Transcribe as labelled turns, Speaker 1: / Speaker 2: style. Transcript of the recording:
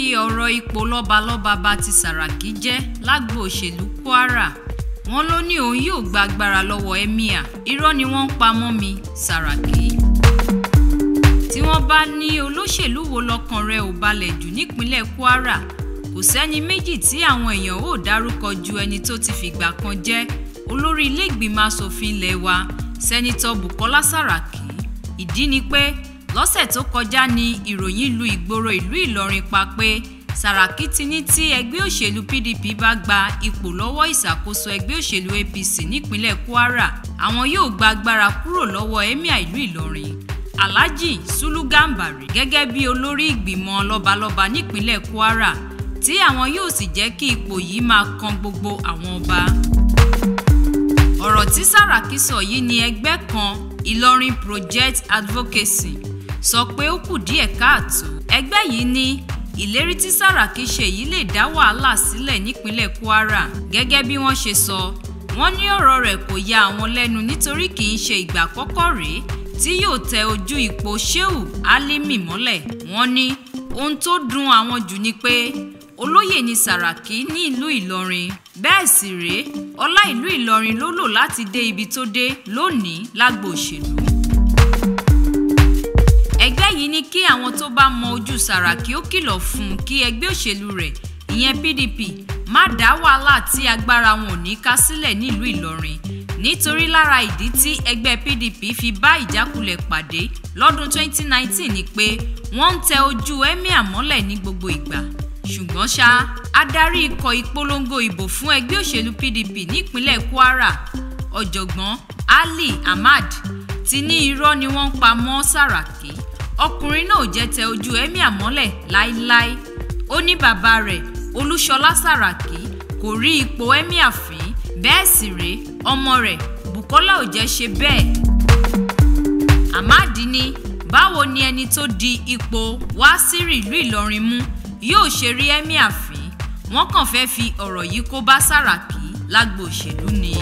Speaker 1: fi ọ̀rọ̀ ipò lọ́balọ́ba bà ti Sàràkí jẹ́ lágbo òṣèlú Kwara wọn ló ní òun yóò gba agbára lọ́wọ́ emir irọ́ ni wọ́n ń pa mọ́ mi Sàràkí tí wọ́n bá ní olóṣèlú wo lọ́kàn rẹ̀ ò balẹ̀ jù nípínlẹ̀ Kwara kò sẹ́ni méjì tí àwọn èèyàn ò dárúkọ ju ẹni tó ti fìgbà kan jẹ́ olórí ilé ìgbìmọ̀ asòfin ilé wa sẹ́nitọ́ Bùkọ́lá Sàràkí ìdí ni pé lọ́sẹ̀ tó kọjá ni ìròyìn lu ìgboro ìlú Ìlọrin pa pé Sàràkí ti ní tí ẹgbẹ́ òṣèlú PDP bá gba ipò lọ́wọ́ ìṣàkóso ẹgbẹ́ òṣèlú APC nípínlẹ̀ Kwara àwọn yóò gba agbára kúrò lọ́wọ́ emir ìlú Ìlọrin Alhaji Sulu Gambari gẹ́gẹ́ bí olórí ìgbìmọ̀ lọ́balọ́ba nípínlẹ̀ Kwara tí àwọn yóò sì jẹ́ kí ipò yìí máa kan gbogbo àwọn ọba. ọ̀rọ̀ tí Sàràkí sọ yìí ni ẹgbẹ́ kan Ìlọrin Project Advocacy sọ pé ó kù díẹ̀ káàtó ẹgbẹ́ yìí ní ìlérí tí Sàràkí ṣe yìí lè dá wàhálà sílẹ̀ nípínlẹ̀ Kwara gẹ́gẹ́ bí wọ́n ṣe sọ wọ́n ní ọ̀rọ̀ rẹ̀ kò ya àwọn lẹ́nu nítorí kì í ṣe ìgbà àkọ́kọ́ rèé tí yóò tẹ ojú ipò Shehu Alimi mọ́lẹ̀ wọ́n ní ohun tó dùn àwọn jù ni pé olóyè ni Sàràkí ní ìlú Ìlọrin bẹ́ẹ̀ sì rèé ọlá ìlú Ìlọrin ló lò láti dé ibi tó dé lónìí lágbo òṣèlú ẹgbẹ́ yìí ní kí àwọn tó bá mọ ojú Sàràkí ó kìlọ̀ fún kí ẹgbẹ́ òṣèlú rẹ̀ ìyẹn PDP má dá wàhálà tí agbára wọn ò ní ká sílẹ̀ nílùú Ìlọrin nítorí lára ìdí tí ẹgbẹ́ PDP fi bá ìjákulẹ̀ pàdé lọ́dún 2019 ni pé wọ́n ń tẹ ojú emir mọ́lẹ̀ ní gbogbo ìgbà ṣùgbọ́n ṣá adarí ikọ̀ ìpolongo ìbò fún ẹgbẹ́ òṣèlú PDP nípínlẹ̀ Kwara ọ̀jọ̀gbọ́n Ali Ahmad ti ní irọ́ ni wọ́n ń pa mọ́ Sàràkí ọkùnrin náà ò jẹ́ tẹ ojú emir mọ́lẹ̀ láíláí ó ní bàbá rẹ̀ olúṣọlá sàràkí kò rí ipò emir fín bẹ́ẹ̀ sì rèé ọmọ rẹ̀ bùkọ́lá ò ṣe bẹ́ẹ̀. àmádì ni báwo ni ẹni tó di ipò wásírì ìlú ìlọrin mú yóò ṣe rí emir fín wọ́n kàn fẹ́ fi ọ̀rọ̀ yìí kó bá sàràkí lágbo òṣèlú ni.